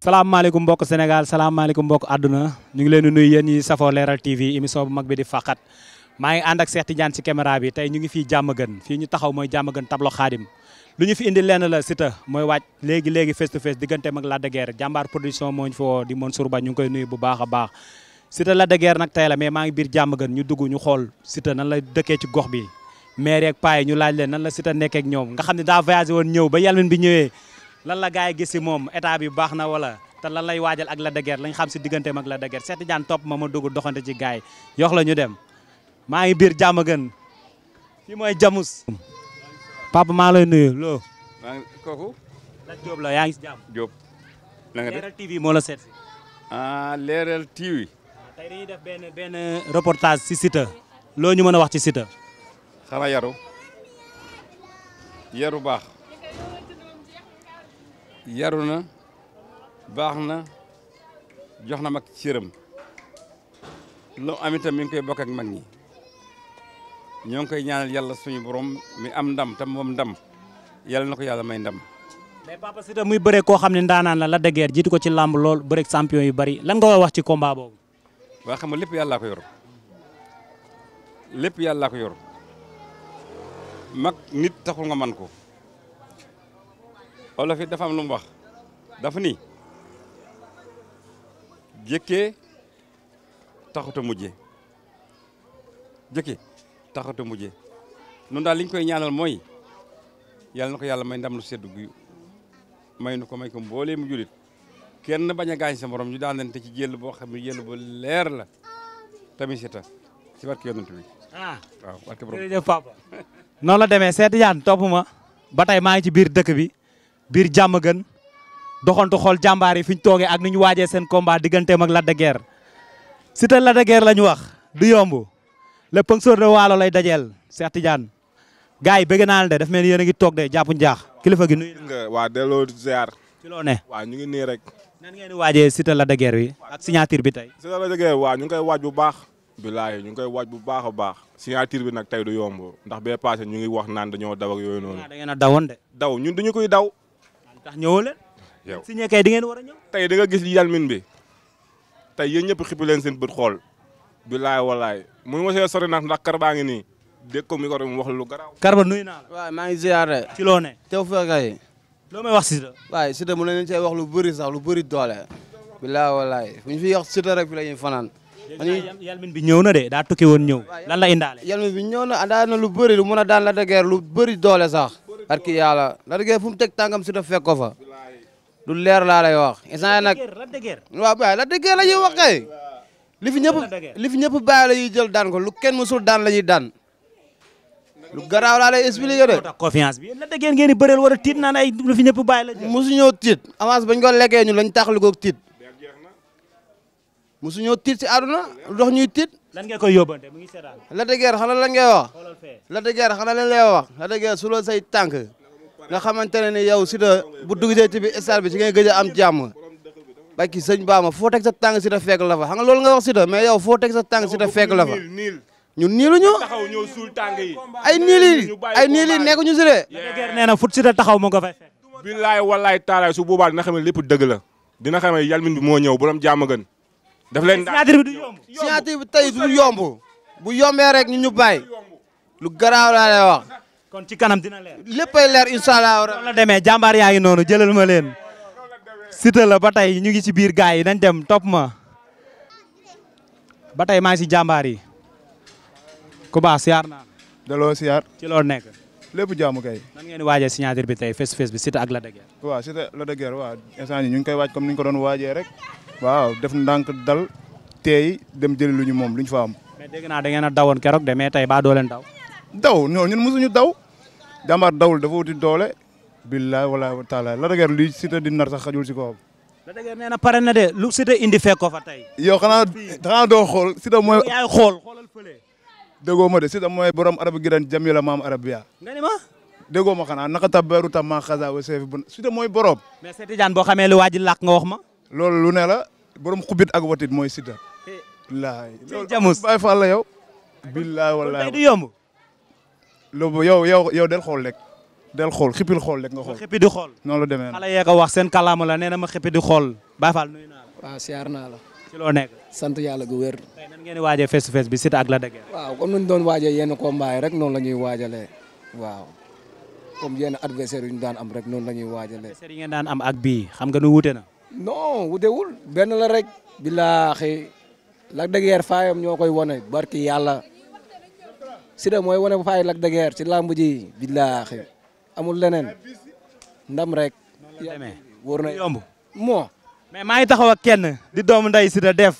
salaamaaleykum mbokk Sénégal salaamaaleykum mbokk àdduna ñu ngi leen di nuyu yéen ñi safoo leeral TV émission bu mag bi di faqat maa ngi ànd ak Cheikh Tidiane ci caméra bi tey ñu ngi fii jàmm gën fii ñu taxaw mooy jàmm gën tableau Khadim lu ñu fi indi lenn la Siteu mooy waaj léegi léegi face to face digganteem ak Lac de Guiers jàmbaar production moo ñu fa woo di Mansour Ba ñu ngi koy nuyu bu baax a baax Siteu Lac de Guiers nag tey la mais maa ngi biir jàmm gën ñu dugg ñu xool Siteu nan la dëkkee ci gox bi maire yeeg paa ñu laaj leen nan la Siteu nekkee ak ñoom nga xam ne daa voyagé woon ñëw ba yalmin bi ñëwee lan la gars yi si moom état bi baax na wala te lan lay waajal ak Lac de Guiers lañ xam si digganteem ak Lac de Guiers Cheikh Tidiane topp ma ma dugg doxante ci gars yi yox maa ngi biir jàmm gën fii mooy Jamus. papa maa lay nuyu loo. maa la Diop la yaa ngi si jàmm. Diop. na nga def Leral TV moo la seet. ah Leral TV. Ah, tey dañuy def benn benn loo ñu mën a wax ci Siteu. xanaa yaru yaru baax yaru na baax na jox na mag cëram loo am itam mi ngi koy bokk ak mag ñi. ñoo ngi koy ñaanal yàlla suñu borom mi am ndam te moom ndam yàlla na ko yàlla may ndam. mais Papa Siteu muy bëre koo xam ne ndaanaan la la dëgër jiitu ko ci làmb lool bëre champion yu bari lan nga koy wax ci combat boobu. waa xam nga lépp yàlla ko yor lépp yor mag nit taxul nga man ko olof yi dafa am lu mu wax dafa ni jëkkee taxut a mujje jëkkee taxatu mujje noonu daal li koy ñaanal mooy yàlla na ko yàlla may ndam lu seddu guyu may nu ko may ko mboolee mu julit kenn bañ a gaañ sa morom ñu daan daanante ci jël boo xam ne jël bu leer la tamit sita ci barke yonent bi ah waaw noonu la demee seeti yaan topp ma ba tey maa ngi ci biir dëkk bi biir jàmm gën doxantu xool jàmbaar yi fi toogee ak ni ñu waajee seen combat digganteem ak Lac de Guiers Siteu Lac de Guiers la wax du yomb le pongsor de waalo lay dajeel Cheikh Tidiane gars yi bëgg naa la de daf mel ni yéen a ngi toog de jàpp jaax kilifa gi nuy nga waa delloo ziar ci loo ne waaw ñu nii rek nan ngeen di waajee Siteu Lac de Guiers bi ak signature bi tey Siteu Lac de Guiers waaw ñu ngi koy waaj bu baax bilaay ñu ngi koy waaj bu baax a baax signature bi nag tey du yomb ndax bee passé ñu ngi wax naan dañoo daw ak yooyu noonu da ngeen a dawoon de daw ñun duñu koy daw ndax ñëwoo leen yow signé kay di ngeen war a tey da nga gis Yalmine bi tey yéen ñëpp xippi leen seen bët xool bilaay walaay mënu ma see sori nag ndax kar baa ngi nii dégg ko micro bi wax lu garaaw. Karba nuyu la. waaw maa ngi ziar de. ci loo ne. teew fa kay. loo may wax Siteu. lu bëri sax lu bëri doole. bilaay walaay bu ñu fi wax Siteu rek fi la ñuy fanaan. yalmin bi na de daa tukki woon ñëw lan la indaale. yalmin bi ñëw na andaa na lu bëri lu mun a daan la dëgër lu bëri doole sax. parce que yàlla la dëgër fu mu teg tàngam ko fa. lu la dëgër la dëgër. la dëgër la ñuy wax kay lifi fi ñëpp li fi ñëpp bàyyi jël daan ko lu kenn sul daan la ñuy daan lu garaaw laa lay expliqué de. confiance bi la dëggeen ngeen di bëreel war tiit naan ay lu fi ñëpp bàyyi la jël. mosu avance bañ ko lekkee ñu lañ taxalu ko tiit mosu ñoo tiit si àdduna lu dox ñuy tiit. lan ngeen koy yóbbante mu ngi seetaan. la dëggeer xanaa lan ngay wax. la dëggeer xanaa lan lay wax. la dëggeer su loolu say tànk nga xamante ne ni yow si bu dugg ci bi stade bi ci ngay gëj a am jàmm. bàkki sëñ Bamba foo teg sa tàng Siteu fekk la fa xam nga loolu nga a Siteu mais yow foo teg sa tàng a fekk la fa ñun niilu ñu taxaw ñëw suul tàng yi ay niil yi ay niil yi nekk ñu si de nee a fut Siteu taxaw mu nga fay fekk billaay wallaay taalaay su dina xam ne lépp la dina xam ne yalmin bi moo ñëw borom jàmm gën daf leen signature bi du yomb du yomb bu yombee rek ñu ñu bàyyi lu garaaw laa lay wax kon leer léppay leer incha allah. la demee noonu jëlal ma Siteu la ba tey ñu ngi ci biir gaay yi nañ dem topp ma ba tey maa ngi jàmbaar yi ku baax siyaar naa daloo siyaar ci loo nekk lépp jaamu kay nan ngeen waajee signature bi tey face face bi Siteu ak la de Guiers waaw Siteu Lac de Guiers ñu ngi koy waaj comme ni ñu ko doon waajee rek waaw def ndànk dal teey dem jëli luñu moom lu ñu fa am mais dégg naa da ngeen a dawoon keroog de mais tey baa doo leen daw daw ñoo ñun mosuñu daw jàmbaar dawul dafa wuti doole billaay walaay wa la dëgër li Siteu di nar sax xajul si kawam. la dëgër nee na pare na de lu Siteu indi fekk ko fa tey. yow xanaa xanaa doo xool Siteu mooy. yaay xool xoolal ma de Siteu mooy borom arab giran jamila maam arabiya. nga ni ma. déggoo ma xanaa naka tabaru tam maa xaza wa seef bu Siteu mooy borom. mais Siteu Diagne boo xamee lu waa ji làkk nga wax ma. lool lu ne la borom xubit ak watit mooy Siteu. billaay eh. loolu jamus bàyyi fa la yow. billaay walaay du yomb. loolu yow yow yow del xool rek del xool xippil xool rek nga xool. xippi di xool noonu la demee xale wax seen kàllaama la nee na ma xippi di xool Baye Fall nuyu naa la. waaw siyaar naa la. ci loo nekk. sant yàlla gu wér. tey nan ngeen di waajee bi Siteu ak Lac de Guiers. waaw comme ni ñu doon waajee yenn combat yi rek noonu la ñuy waajalee waaw comme yenn adversaire yu ñu daan am rek noonu la ñuy waajalee. adversaire yi ngeen daan am ak bii xam nga nu wute na. non wutewul benn la rek. bilaaxi Lac de Guiers faayam ñoo koy wane barki yàlla Siteu mooy wane faay Lac de Guiers ci làmb ji bilaaxi amul leneen ndam rek. wóor na yomb moo. mais maa ngi taxaw ak kenn di doom nday si def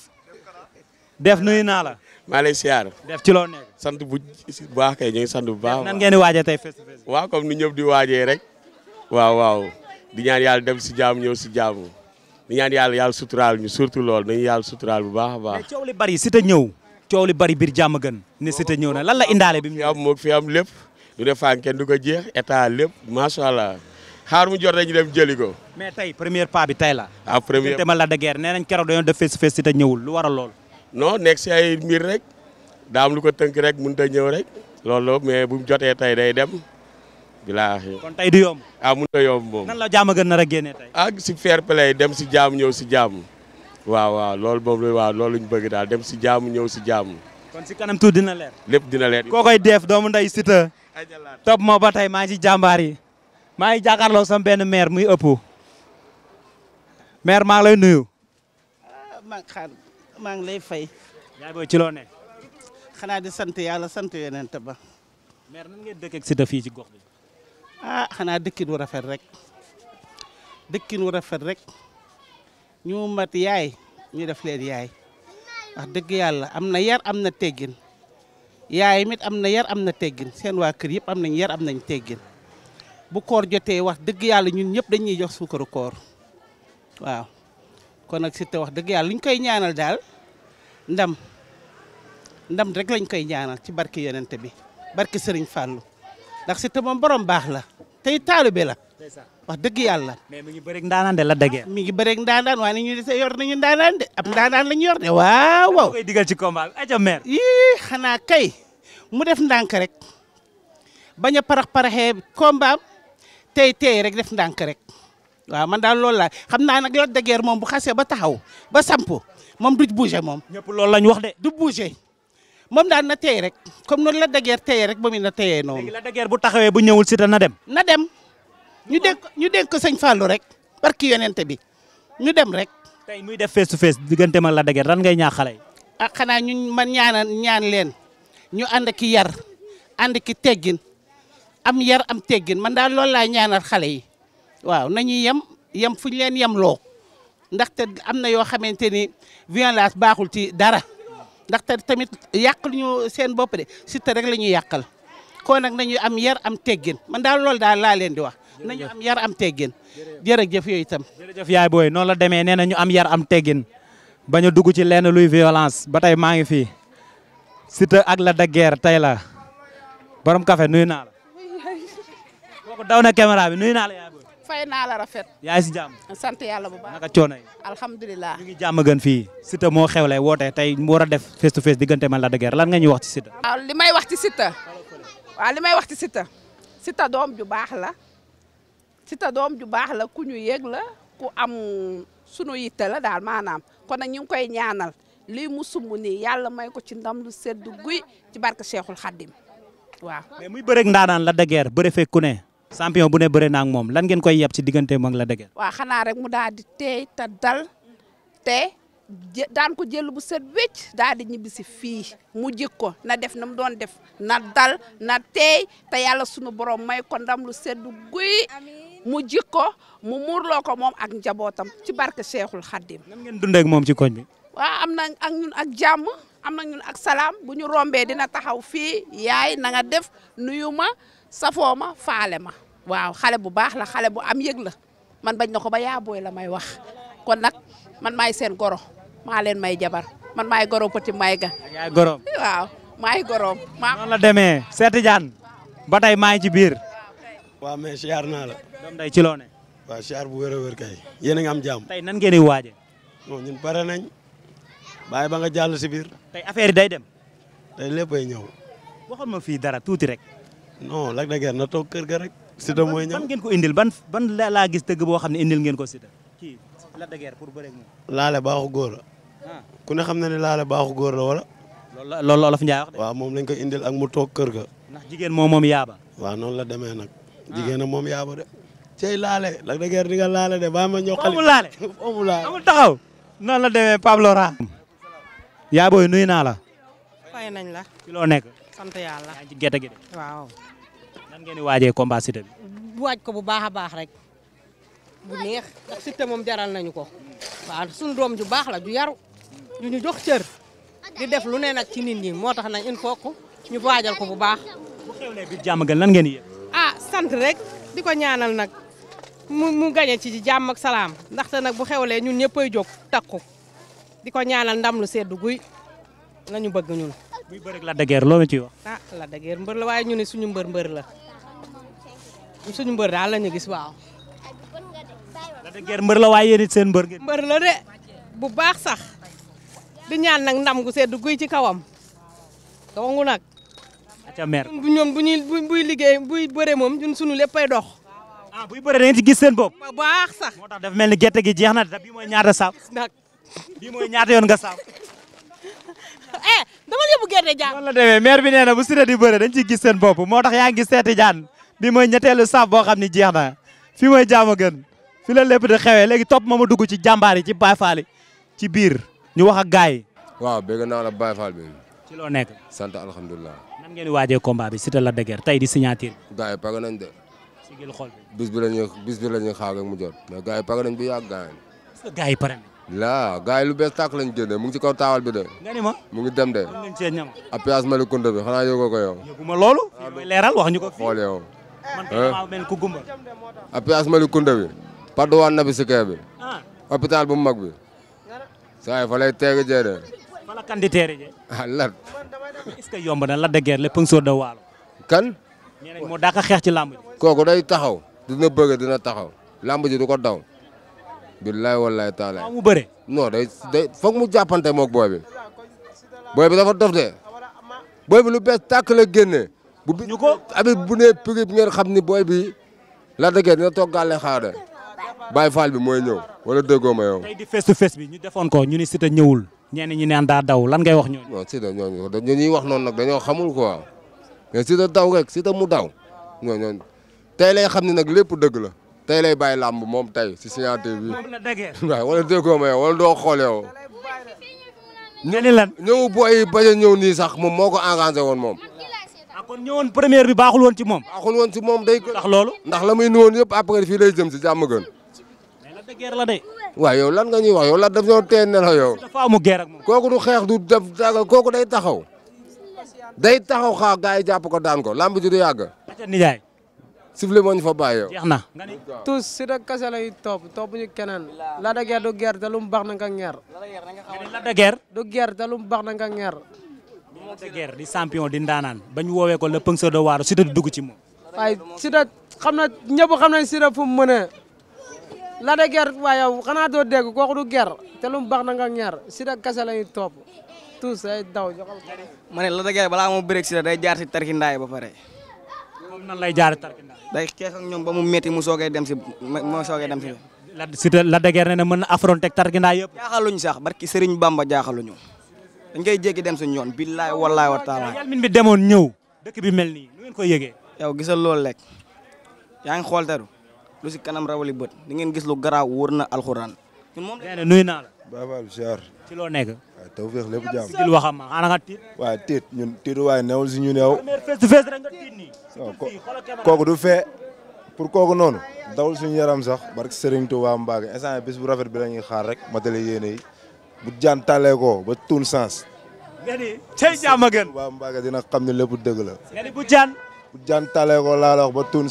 def nuyu naa la. maa lay siyaar. def ci loo nekk. sant bu baax kay ñu ngi sant bu baax. nan ngeen di waajee tey fes fes. waaw comme ni di waajee rek. waaw waaw di ñaan yàlla dem si jaamu ñëw si jaamu di ñaan yàlla yàlla suturaal ñu surtout lool nañu yàlla suturaal bu baax a baax. mais coow li bari si te coow li bari biir jàmm ni si te na lan indaale bi mu. fi am moo fi am lépp. du def fànn kenn du ko jeex état lépp macha allah xaar mu jot rek ñu dem jëli ko. mais tey premier pas bi tey la. ah premier te ma la de guerre nee nañ keroog dañoo def face face te ñëwul lu waral lool. non nekk si ay mbir rek daam lu ko tënk rek mënut a ñëw rek loolu mais bu jotee tey day dem. bilaahi kon tey du yomb. ah mënut a yomb moom. nan la jaam a gën nar a génnee tey. ah si fair play dem si jaam ñëw si jaam. waaw waaw loolu boobu la waaw loolu ñu bëgg daal dem si jaam ñëw si jaam. topp ma ba tey maa ngi ci jàmbaar yi maa ngi jàkkaarloo sama benn maire muy ëpp maire maa ngi lay nuyu. Ah, maa ngi lay fay. yaay booy ne. xanaa di sant yàlla sant yonent ba. maire nan ngeen dëkk ak Siteu fii ci gox bi. ah xanaa dëkkin wu rafet rek dëkkin wu rafet rek ñu mat yaay ñu def leen yaay wax dëgg yàlla am na yar am na teggin. yaay mit am na yar am na teggin seen waa kër yëpp am nañ yar am nañ teggin bu koor jotee wax dëgg yàlla ñun ñëpp dañuy jox suukaru koor waaw kon nag Siteu wax dëgg yàlla lu koy ñaanal daal ndam ndam rek lañ koy ñaanal ci barke yonente bi barke sëriñ Fallou ndax Siteu moom borom baax la tey taalu taalibe la wax dëgg yàlla. mais mi ngi bëreeg ndaanaan la dëggee. mi ngi bëreeg ndaanaan ni ñu dese yor nañu ndaanaan de ab ndaanaan la ñu yor de waaw waaw. koy digal ci combat bi xanaa kay mu def ndànk rek baña a parax paraxee combat tey tey rek def ndank rek waa man daal loolu laa xam naa nag la dëggeer moom bu xasee ba taxaw ba sampu moom du bouger moom. ñëpp loolu lañ wax de. du bouger. moom daal na tey rek comme noonu la dageer tey rek ba mu na teyee noonu. bu taxawee bu ñëwul si te na dem. na dem ñu dégg ñu dégg ko sëñ Fallou rek barki yonente bi ñu dem rek. tey muy def face to face diggante ma la dëgër ran ngay ñaax xale yi. Ah, xanaa ñu man ñaanal ñaan leen ñu ànd ki yar ànd ki teggin am yar am teggin man daal lool laa ñaanal xale yi waaw nañuy yem yem fu leen yem loo ndaxte am na yoo xamante ni violence baaxul ci dara ndaxte tamit yàqal ñu seen bopp de Siteu rek la ñuy yàqal kon nag nañu am yar am teggin man daal loolu daal laa leen di wax. nañu am yar am teggin jërëjëf yooyu itam jërëjëf yaay booy noonu la demee nee na ñu am yar am teggin bañ a dugg ci lenn luy violence ba tey maa ngi fii Siteu ak Lac de tey la borom café nuyu naa la kooku daw na caméra bi nuyu naa la yaay booy fay naa si jàmm sant yàlla bu baax yi alhamdulilah ñu ngi jàmm gën fii Siteu moo xew lay woote tey def face to diggante man Lac de lan nga ñuy wax ci Siteu waaw li may baax la Siteu doom ju baax la ku ñu yëg la ku am sunu yitte la daal maanaam kon nag ñu ngi koy ñaanal lii mu sumb nii yàlla may ko ci ndam lu sedd guy ci barke Cheikhul Khadim waaw. mais muy bëreeg ndaanaan la dëgër bëre fekk ku ne. champion bu ne bëre naa ak moom lan ngeen koy yeb ci diggante moom la dëgër. waa xanaa rek mu daal di teey te dal te daan ko jël bu set wécc daal di ñibbi fii mu jik ko na def na mu doon def na dal na teey te yàlla sunu borom may ko ndam lu sedd mu jikko mu muurloo ko moom ak njabootam ci barke Cheikhul Khadim. nan ngeen dundee moom ci koñ bi. waaw am na ak ñun ak jàmm am na ak salaam bu ñu rombee dina taxaw fii yaay na nga def nuyu ma safoo ma faale ma waaw xale bu baax la xale bu am yëg la man bañ na ko ba yaa booy la may wax kon nag man maay seen goro maa leen may jabar man may goro petit may ga. goro goroom waaw maay goroom. maa noonu la demee Seeti Jaan ba tey maa ngi ci biir. waaw mais siyaar naa la. doom day ci loone ne. siyaar bu wér a wér kay yéen a ngi am jàmm. tey nan ngeen di waaje. non ñun pare nañ bàyyi ba nga jàll si biir. tey affaire day dem. tey léppay ñëw. xam ma fii dara tuuti rek. non Lac de Guiers na toog kër ga rek. Siteu mooy ñëw ban ngeen ko indil ban ban laa gis tëgg boo xam ne indil ngeen ko Siteu. kii Lac de Guiers pour bëre ak moom. baaxu góor la. Ah. ku ne xam na ne laale baaxu góor la wala. loolu la loolu la Olof Ndiaye moom lañ ko indil ak mu toog kër ga. ndax jigéen moom moom yaaba. waaw noonu la demee nag. jigéen moom yaabo de. cey laale Lac de Guiers di nga laale de ba ma taxaw noonu la demee Pablo Ra yaabo booy naa la fay nañ la ci loo nekk sant yàlla ci gerte gi de waaw nan ngeen waajee combat bi waaj ko bu baax a baax rek bu neex ndax Siteu moom jaral nañu ko waaw suñu doom ju baax la ju yaru du ñu jox cër di def lu ne nag ci nit ñi moo tax nañ il faut ñu waajal ko bu baax bu xewlee bi ngeen yëg sant rek di ko ñaanal nag mu mu gañe ci jàmm ak salaam ndaxte nag bu xewlee ñun ay jog takku di ko ñaanal ndam lu seddu guy la ñu bëgg ñun. muy bëri Lac de ciy wax. ah Lac de Guiers mbër la waaye ñu ne suñu mbër mbër la suñu mbër daal la ñu gis waaw. Lac de mbër la waaye yéen seen mbër ngeen. mbër la de bu baax sax di ñaan nag ndam gu seddu guy ci kawam dong nag. ca maire ñoom bu ñuy buy liggéey buy bëre moom ñun suñu léppay dox. ah buy bëre da ngeen ci gis seen bopp. bu baax sax moo tax dafa mel ni gerte gi jeex na da bii mooy ñaata saaf. bii mooy ñaata yoon nga saaf. eh dama yóbbu gerte jaan. noonu la demee maire bi nee na bu Siteu di bëre dañ ciy gis seen bopp moo tax yaa ngi seeti jaan bi mooy ñetteelu saaf boo xam ni jeex na fi mooy jaama gën fi la lépp di xewee léegi topp ma ma dugg ci jàmbaar yi ci Baye Fall ci biir ñu wax ak gars yi. waaw bëgg naa la Baye Fall bi. ci loo nekk. sant alhamdulilah. nan ngeen waajee combat bi Siteu Lac de Guiers tey di signature bi. gars yi pare nañ de. sigil xol bi bis bi la ñuy bis bi la ñuy bu yàgg gars yi. est-ce que gars yi pare nañ. laa gars lu bees tàkk lañ jëndee mu ngi ci kaw taawal bi de. nga mu ngi dem de. am nañ cee ñam. appuage Malicounda bi xanaa yëgoo ko yow. Ah, ñu ko xool yow. man kay maa mel ku gumba. appuage Malicounda bi. paduwaan na bi bi. Ah. hôpital bu mag bi. saa yi fa de bala candidature je ah lat est yomb na Lac de Guiers le Pungsóor de Waalo kan moo daa ko xeex ci làmb ji kooku day taxaw dina bëgg dina taxaw làmb ji du ko daw billaay wallaay taala mu bëre non day day foog mu jàppante moog booy bi booy bi dafa dof de booy bi lu bees tàkk la génne bu bi ko abi bu nee prix bi ngeen xam ni booy bi Lac de Guiers dina toog gàlle bi mooy ñëw wala déggoo ma yow. tey bi ñu defoon ko ñu ni Siteu ñëwul ñenn ñi naan daa daw lan ngay wax ñooñu. non Siteu ñooñu ñuy wax noonu nag dañoo xamul quoi mais Siteu daw rek Siteu mu daw ñooñu tey lay xam ne nag lépp dëgg la tey lay bàyyi làmb moom tey si signature bi. waaw wala déggoo ma yow wala doo xool yow. ñu lan ñëw booy bañ a ñëw nii sax moom moo ko engagé woon moom. Ah, kon ñëwoon première bi baaxul woon ci moom. baaxul woon ci moom day. ndax loolu ndax la muy nuwoon yëpp après fii lay jëm si jàmm waaw yow lan nga ñuy wax yow lan daf ñoo tee nelaw yow. dafa amu guerre ak moom. kooku du xeex du def dara kooku day taxaw. day taxaw xaar gars yi jàpp ko daan ko lamb ji du yàgg. nijaay. sifle moo ñu fa bàyyi yow. jeex na. tous si da kase lay topp topp ñu keneen. la de guerre du guerre te lu mu baax na nga ñeer. la de guerre. du guerre te lu mu baax na nga ñeer. la de guerre di champion di ndaanaan ba ñu woowee ko le Penceur de Waalo Siteu di dugg ci moom. waaye Siteu xam na ñëpp xam nañ Siteu fu mu mënee. la de ger waaye yow xanaa doo dégg kooku du ger te lu mu baax na nga ñaar sida kese lañuy topp tous ay daw joxal ma ne la de ger balaa moo bëreeg sida day jaar si tarkindaay ba pare. moom nan lay jaar tarkindaay. day xeex ak ñoom ba mu métti mu soogay dem si mu soogay dem si. la sida la de ger ne na mën na affronter tarkindaay yëpp. jaaxaluñ sax barki Serigne Bamba jaaxaluñu dañ koy jéggi dem suñu yoon billaay wallaay wa taala. yàlla min bi demoon ñëw dëkk bi mel nii nu ngeen koy yëgee. yow gisal loolu lekk yaa ngi xool teru lu si kanam rawali bët ni ngeen gis lu garaaw wóor na alxuraan. ñun moom la nuyu naa la. baabaal siyaar. ci loo nekk. waaw tawfeex lépp jàmm. si si ñu neew. face kooku du fee. pour kooku noonu. dawul suñu yaram sax. barke Serigne Touba Mbacké instant bis bu rafet bi la ñuy xaar rek matale yéene yi bu jaan ko ba tuun sens. nga ni cey jàmm dina xam ne lépp dëgg la. nga ni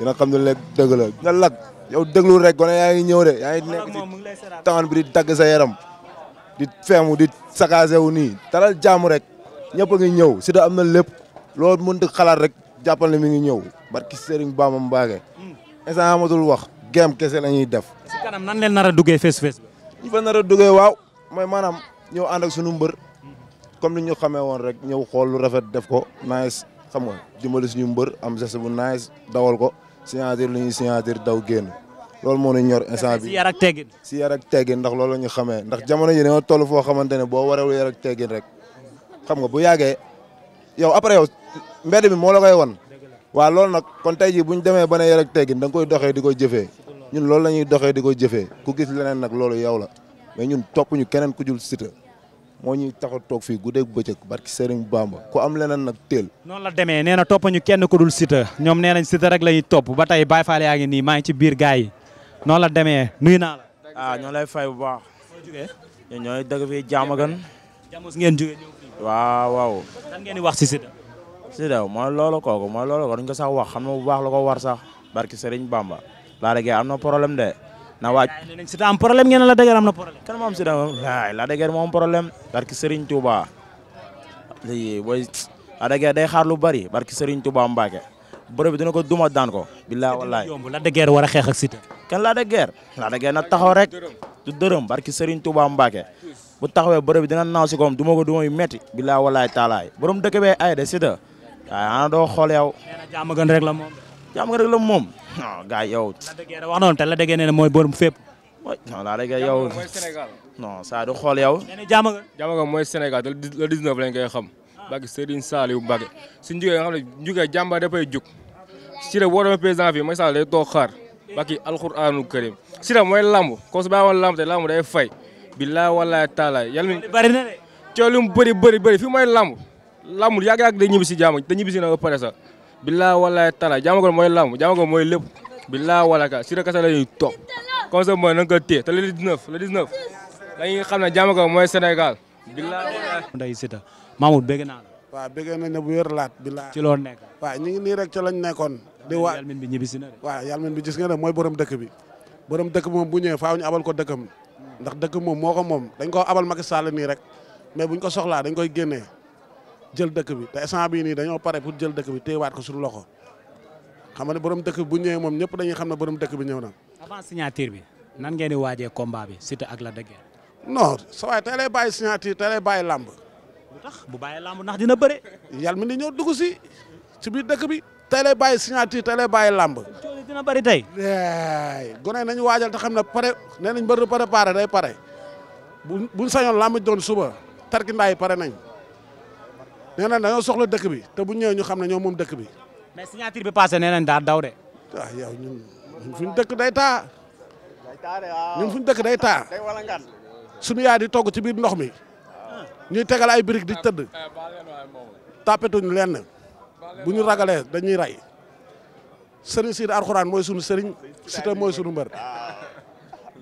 dina xam ne léeg dëgg la nga lag yow déglu rek gone yaa ngi ñëw de yaa ngi nekk ci taan bi di dagg sa yaram di feemu di saccagé wu nii dalal jàmm rek ñëpp a ngi ñëw si am na lépp loolu mënut xalaat rek jàppal ne mi ngi ñëw barki Serigne Bamba Mbacké instant hmm. amatul wax gem kese la ñuy def. si kanam nan leen nar duggee face face. fa nar duge duggee waaw mooy maanaam ñëw ànd ak sunu mbër comme ni ñu xamee woon rek ñëw xool lu rafet def ko nice xam nga dimbali suñu mbër am geste bu nice dawal ko. signature li ñuy signature daw génn loolu moo ñu ñor instant bi si yar ak teggin si yar ak teggin ndax loolu la ñu xamee ndax jamono yi dañoo toll foo xamante ne boo warewul yar ak rek xam nga bu yàggee yow après yow mbedd bi moo la koy wan waaw loolu nag kon tey jii bu ñu demee ba ne yar ak teggin da nga koy doxee di ko jëfee ñun loolu la ñuy doxee di ko jëfee ku gis leneen nag loolu yow la mais ñun topp keneen ku jul Siteu moo ñuy tax a toog fii guddeeg bëccëg barki Serigne Bamba ko am leneen nag teel. noonu la demee nee na topp ñu kenn ku dul Siteu ñoom nee nañ Siteu rek la ñuy topp ba tey Baye Fall yaa ngi ni maa ngi ci biir gars yi noonu la demee nuyu naa la. ah ñoo lay fay bu baax. ñoo ñooy dëgg fii Diamaguène. Diamos ngeen jógee ñëw fii. waaw waaw. wax si Siteu. Siteu mooy loolu kooku mooy loolu ko sax wax xam nga bu baax la ko war sax barki Serigne Bamba. laa rek am na problème de. na waaj. Siteu am problème ngeen la dëgër am na problème. kan moo am Siteu waay la dëgër moo am problème. barki Serigne Touba lii booy la dëgër day xaar lu bari barki Serigne Touba Mbacke bërëb bi dina ko duma daan ko. billaay wallaay la dëgër war a xeex ak Siteu. kan la dëgër la dëgër na taxaw rek du dërëm barki Serigne Touba Mbacke bu taxawee bërëb bi dina naaw si koom duma ko duma yu metti. billaay wallaay taalaay borom dëkk bee ay de Siteu waaye ana doo xool yow. nee na jàmm gën rek la moom. jàmm gën rek la moom non ah, gars yow. la déggee wax noonu te la déggee ne mooy borom fépp. non la déggee yow. mooy Sénégal. non saa du xool yow. nee na Diamaguène. Diamaguène mooy Sénégal te le 19 lañ koy xam. Mbacke Serigne Saliou Mbacke suñu jugee nga xam ne jugee jàmbaar dafay jug. Siré boo demee président fii Macky Sall day toog xaar Mbacke alxuraanul karim Siré mooy lamb comme su bàyyi woon lamb te lamb day fay. billaay wallaay taalaay yal mi bari na de. coow li mu bëri bëri bëri fii mooy lamb lambul yàgg-yàgg day ñibbi si jàmm day ñibbi si na ba pare sax bilaa walaay tala jaamago mooy lamb jaamago mooy lépp bilaa wala ka Siteu kese la ñuy topp mooy na nga ko téye te le 19 le 19 dañuy xam ne jaamago mooy Sénégal bilaa walaay. Ndeye Siteu Mamoud bëgg naa la. waaw bëgg nañ ne bu yor laat bilaa. ci loo nekk. waaw ñu ngi nii rek ci lañ nekkoon. di waa yàlla min bi ñibbisi na de. waaw yàlla min bi gis nga mooy borom dëkk bi borom dëkk bi bu ñëwee faaw ñu abal ko dëkkam ndax dëkk moom moo ko moom dañ koo abal Macky Sall nii rek mais buñ ko soxlaa dañ koy génnee jël dëkk bi te instant bii nii dañoo pare jël dëkk bi téyewaat ko su loxo xam nga ne borom dëkk bi bu ñëwee moom ñëpp dañuy xam ne borom dëkk bi ñëw na. avant signature bi nan ngeen di waajee combat bi Siteu ak Lac de Guiers. non sa waay tey lay bàyyi signature tey lay bàyyi làmb. lu tax bu bàyyi lamb ndax dina bëre. yàlla mi ni ñëw dugg si ci biir dëkk bi. tey lay bàyyi signature tey lay bàyyi lamb dina bëri tey. gone nañ waajal te xam ne pare nee nañ bëri préparé day pare bu buñ sañoon làmb doon suba tarkindaa yi pare nañ nee na dañoo soxla dëkk bi te bu ñëwee ñu xam ne ñoom moom dëkk bi. mais signature bi passé nee nañ daal daw de. Ah, yow ñun dëkk day taa. ñun fu ñu dëkk day taa. suñu yaay di togg ci biir ndox mi. ñuy tegal ay briques di tëdd. tapetuñ lenn bu ñu ragalee dañuy ray sëriñ si Alxuraan mooy sunu sëriñ Siteu mooy sunu mbër.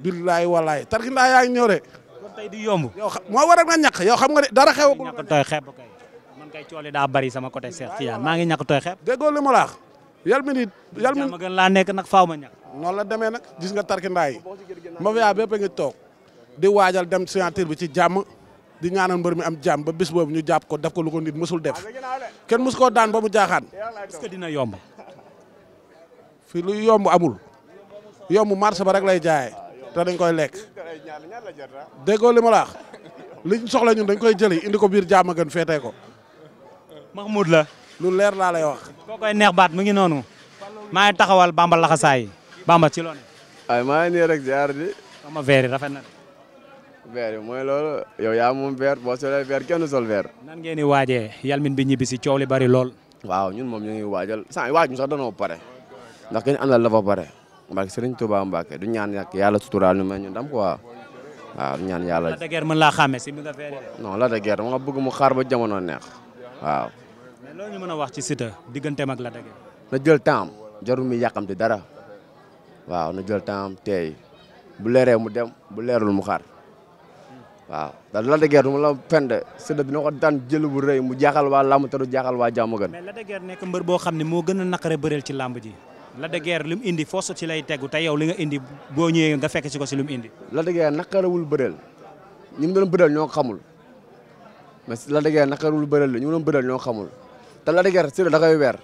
billaay walaay tarkindaa yaa ngi ñëw de. kon tey di yomb. yow xam moo waral nga ñàkk yow xam nga ne dara xew. ñàkk tooy xeeb man kay daa bari sama côté Cheikh Tidiane maa ngi ñàkk tooy xeeb. déggoo li ma laax yal mi nit yal mi laa nekk nag faaw ma ñàkk. noonu la demee nag gis nga tarkindaa yi mafia bépp a ngi toog di waajal dem signature bi ci jàmm di ñaanal mbër mi am jàmm ba bis boobu ñu jàpp ko def ko lu ko nit mësul def kenn mës koo daan ba mu jaaxaan. est-ce que dina yomb. fii lu yomb amul yomb marché ba rek lay jaayee te dañ koy lekk déggoo li ma laax liñ soxla ñun dañ koy jëli indi ko biir jàmm gën féetee ko. Mahmoud la. lu leer laa lay wax. baat mu ngi noonu. maa ngi taxawal Bamba laxasaay Bamba ci loolu. ay maa ngi nii rek ziar di. sama verre rafet na. verre mooy loolu yow yaa moom verre boo solee verre kenn sol verre. nan ngeen di waajee yalmin bi ñibbi si coow li bari lool. waaw ñun moom ñu ngi waajal sànq waaj ñu sax danoo pare ndax kenn àndal dafa pare mbaa Serigne Touba Mbacke du ñaan nag yàlla suturaal ñu may ñu dam quoi waaw du ñaan yàlla. la de guerre mën laa xàmme si mi nga verre. non la de guerre bëgg mu xaar ba jamono neex. waaw. mais loolu ñu mën a wax ci Siteu diggante mag Lac de Guiers. na jël temps jarul mi yàqamti dara waaw na jël temps tey bu leeree mu dem bu leerul mu xar waaw da Lac de Guiers du la pende Siteu dina ko daan jël bu rëy mu jaaxal waa làmb te du waa jàmm gën. mais Lac de Guiers nekk mbër boo xam ne moo gën a naqare bëreel ci làmb ji. Lac de Guiers li mu indi foosu ci lay tegu te yow li nga indi boo ñëwee nga fekk ci ko si li mu indi. Lac de Guiers naqarewul bëreel ñu mu doon bëreel ñoo xamul. mais la dëgër naqarul bëral la ñu mënoon bëral ñoo xamul te la dëgër si da koy weer.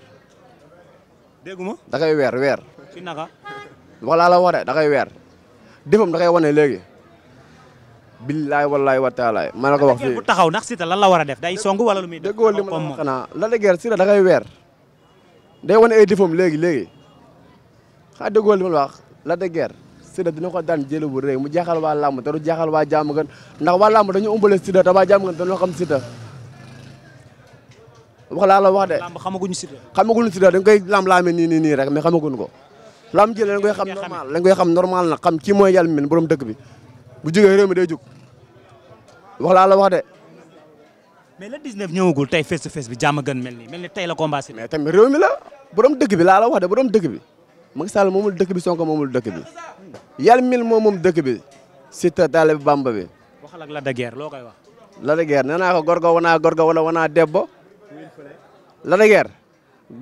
dégguma da koy weer weer. ci naka. wala la wax de da koy weer. defam da koy wane léegi. billaay wallaay wa taalaay. ma la ko wax fii bu taxaw ndax Siteu lan la war a def day song wala lu muy def. déggoo li ma la wax xanaa la dëgër Siteu da koy weer. day wane ay defam léegi léegi. xaa déggoo li ma la wax la dëgër. Siteu dina ko daan jël bu rëy mu jaaxal waa làmb te du jaaxal waa jàmm gën ndax waa làmb dañu umbale Siteu te waa jàmm gën dañoo xam Siteu laa la wax de. làmb xamaguñu Siteu. xamaguñu Siteu dañ koy làmb laamee nii nii nii rek mais xamaguñu ko. làmb jël dañ koy xam normal dañ koy xam normal na xam kii mooy yàlla mel borom dëkk bi bu jógee réew day jóg laa la wax de. mais le 19 ñëwagul tey face to bi jàmm gën mel nii mel ni tey la combat mais tamit réew mi la borom dëkk bi laa la wax de borom dëkk bi Macky Sall moomul dëkk bi Sonko moomul dëkk bi yàlla mil moom moom dëkk bi Siteu taalibe Bamba bi. waxal ak Lac loo koy wax. Lac de Guiers nee naa gorgo wanaa gorgo wala wanaa debbo. Lac de Guiers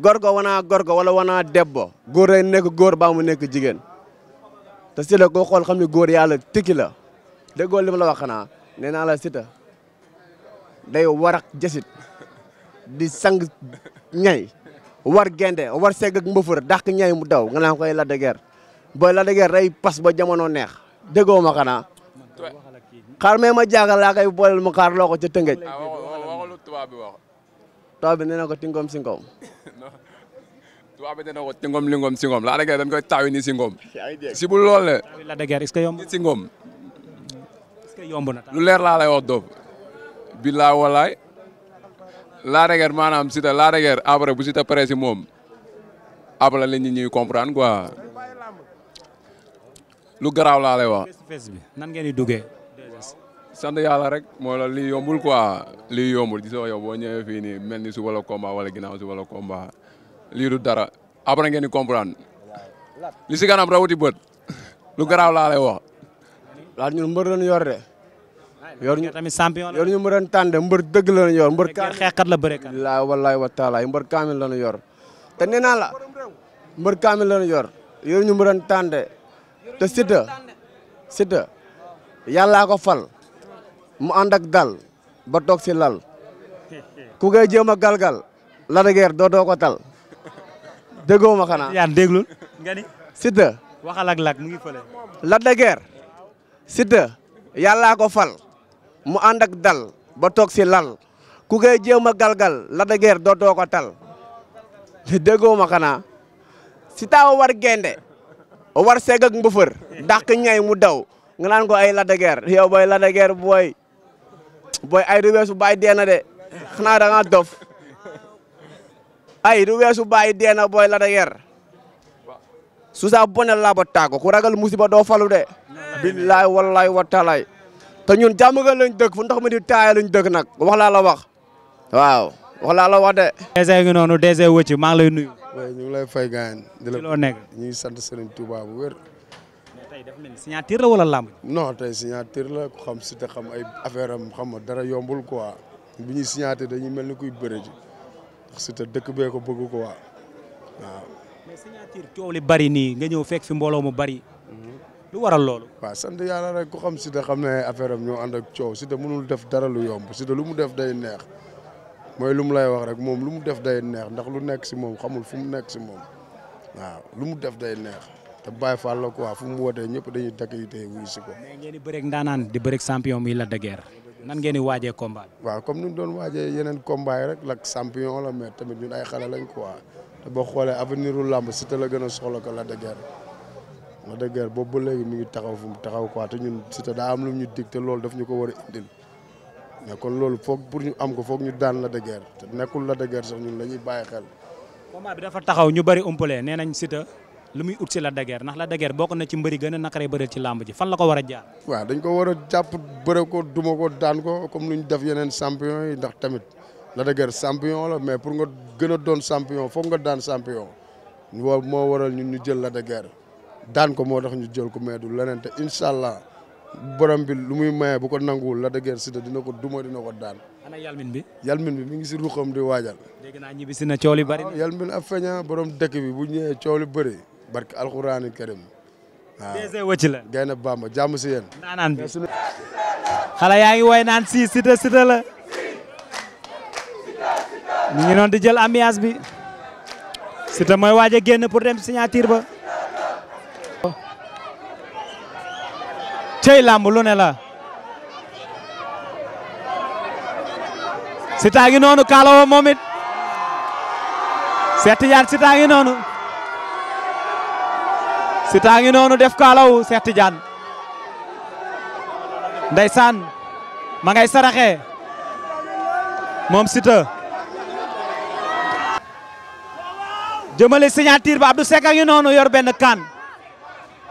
gorgo wanaa gorgo wala wanaa debbo. góor day nekk góor baa mu nekk jigéen te Siteu koo xool xam ne góor yàlla tikki la déggoo li ma la wax xanaa naa la Siteu day warak jasit di sang ñay. war gende war segg ak mbëfër dàq ñay mu daw nga naan koy jamono neex déggoo ma xanaa xaar mee ma ko ca tëngëj ah, tubaab bi nee na ko tingom si ngoom tubaab bi nee na ko tingom lingom si ngoom Lac de Guiers dañ koy taawi ni si ngoom si bu lool le Lac laa lay wax doob billaay walaay Lac de Guiers maanaam Siteu Lac de Guiers après bu Siteu pare si moom après la nit ñuy comprendre quoi lu garaaw laa lay wax. nan ngeen di duggee. sant yàlla rek moo la lii yombul quoi li yombul gisoo yow boo ñëwee fii nii mel ni suba la combat wala ginaaw suba la combat lii du dara après ngeen di comprendre li si kanam rawati bët lu garaaw laa lay wax. laaj ñun mbër lañu yor ñu tamit champion la yor ñu mu doon tànde mbër dëgg la ñu yor mbër kaamil xeexkat la bëre kan ñu yor te nee la mbër kaamil la ñu yor ñu mu tànde te Siteu Siteu yàllaa ko fal mu ànd dal ba toog lal ku ngay jéem galgal la dëgër doo doo ko tal déggoo ma xanaa yaa déglul nga ni Siteu waxal ko fal mu ànd ak dal ba toog si lal ku koy jéem a galgal la da geer dootoo ko tal déggoo si taaw war gende war seeg mbëfër dàq ñay mu daw nga naan ko ay la da geer yow booy la da geer booy booy ay du weesu bàyyi deena de xanaa da nga dof ay du weesu bàyyi deena booy la da geer su saa bone laa ba ku ragal musiba doo falu de billaay wallaay wa te ñun jàmmagal lañ dëkk fu ndox mi di taaya lañ dëkk nag wax laa la wax waaw wax laa la wax de. DG ngi noonu DG Wëcc maa ngi lay nuyu. waaw ñu ngi lay fay la loo nekk ñu sant Serigne Touba bu wér. tey daf la wala làmb. noo tey signature la ku xam si xam ay affaire am xam nga dara yombul quoi bu ñuy signature dañu mel ni kuy bëre ji dëkk bee ko bëgg quoi waaw. mais signature coow li bari nii nga ñëw fekk fi mbooloo mu bari. lu waral loolu. waa sant yàlla rek ku xam si da xam ne affaire am ñoo ànd ak coow si da mënul def dara lu yomb si da lu mu def day neex mooy lu mu lay wax rek moom lu mu def day neex ndax lu nekk si moom xamul fu mu nekk si moom waaw lu mu def day neex te Baye Fall la quoi fu mu wootee ñëpp dañuy takk yi tey wuyu si ko. mais ngeen di bëreeg ndaanaan di bëreeg champion muy Lac de nan ngeen di waajee combat waa waaw comme ni ñu doon waajee yeneen combat rek lak champion la mee tamit ñu ay xale lañ quoi te boo xoolee avenir u làmb si te la gën a soxla ko la de Guiers wax dëgg boobu ba léegi mi ngi taxaw fu taxaw ko te ñun Siteu daa am lu ñu dig te loolu daf ñu ko war a indil mais kon loolu foog pour ñu am ko foog ñu daan la de te nekkul la de guerre sax ñun la ñuy bàyyi xel. dafa taxaw ñu bari umpale nee nañ Siteu lu muy ut si la de guerre ndax la de bokk na ci mbëri gën a naqaree bëri ci làmb ji fan la ko war a jaar. waaw dañ ko war a jàpp bëre ko duma ko daan ko comme nu ñu def yeneen sampion yi ndax tamit la deger sampion champion la mais pour nga gën a doon champion foog nga daan champion moo waral ñun ñu jël la de daan ko moo tax ñu jël ko du leneen te allah borom bi lu muy maye bu ko nanguwul la dëgër si dina ko duma dina ko daan. ana yalmin bi. yalmin bi mi ngi si ruxam di waajal. dégg naa ñibbi si na coow li bari. Ah, yalmin ab feña borom dëkk bi bu ñëwee coow li bëri barke alxuraani karim waaw ah. DG wëcc la. gaynde Bamba jàmm si yéen. naanaan yaa ngi woy naan si sita sita la. ñu ngi doon di jël ambiance bi. sita mooy waaj a génn pour dem signature ba. cey làmb ne la Siteu ngi noonu kaalawo moom it Cheikh Tidiane Siteu ngi noonu Siteu ngi noonu def kaalawu Cheikh Tidiane ndeysaan ma ngay saraxee moom Siteu jëmale signature ba Abdou Seck a ngi noonu yor benn kaan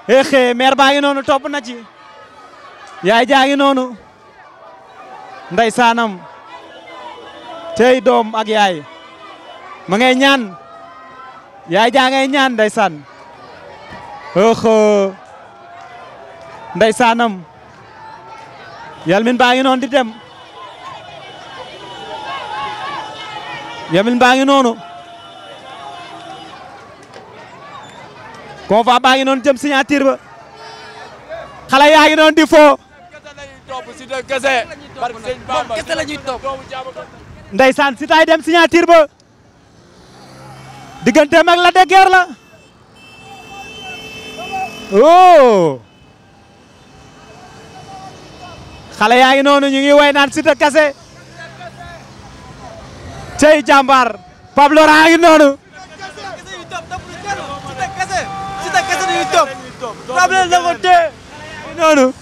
xeexee maire baa ngi noonu topp na ci yaay jaa ngi noonu ndey saanam tey doom ak yaay ma ngay ñaan yaay jaa ngay ñaan ndey saan oxo ndey saanam yalmin baa ngi noonu di dem yalmin baa ngi noonu convoi baa ngi noonu jëm signature ba xale yaa noonu di foo def kese. parce que sëñ Bamba si tay dem signature ba digganteem ak la déggeer la oh xale yaa ngi noonu ñu ngi way naan Siteu cey jàmbaar Pablo raa ngi noonu Siteu kase Siteu kase dañuy topp la ko tee noonu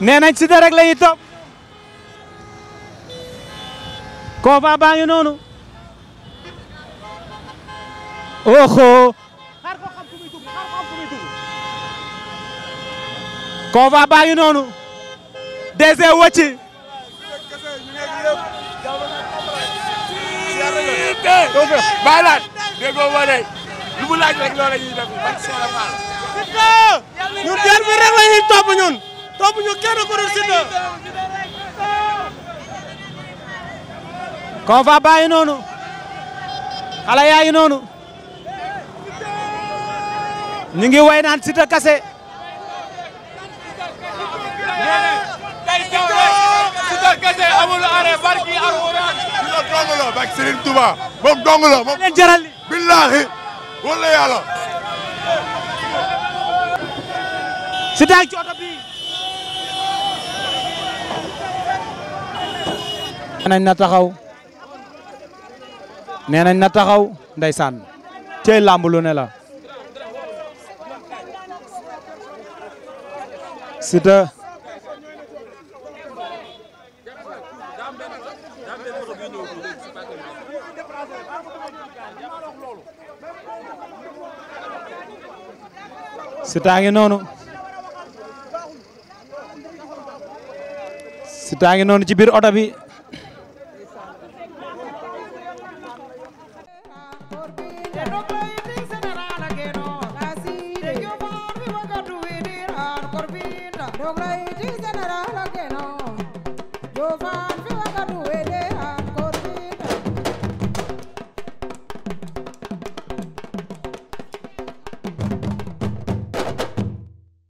nee nañ Siteu rek la ñuy topp combat baa ngi noonu oho combat baa ngi noonu DG e wëcc bàyyi laat déggoo ma de lu bi rek la topp ñun topp ñu kenn ku dul Siteu. Combat baa ngi noonu. xale yaa ngi noonu. ñu ngi way naan Siteu kase. dongolo bak Serigne Touba moom dongolo moom leen jaral li billahi nee na taxaw nee na taxaw ndeysaan cey làmb lu la Siteu Siteu noonu Siteu noonu ci biir oto bi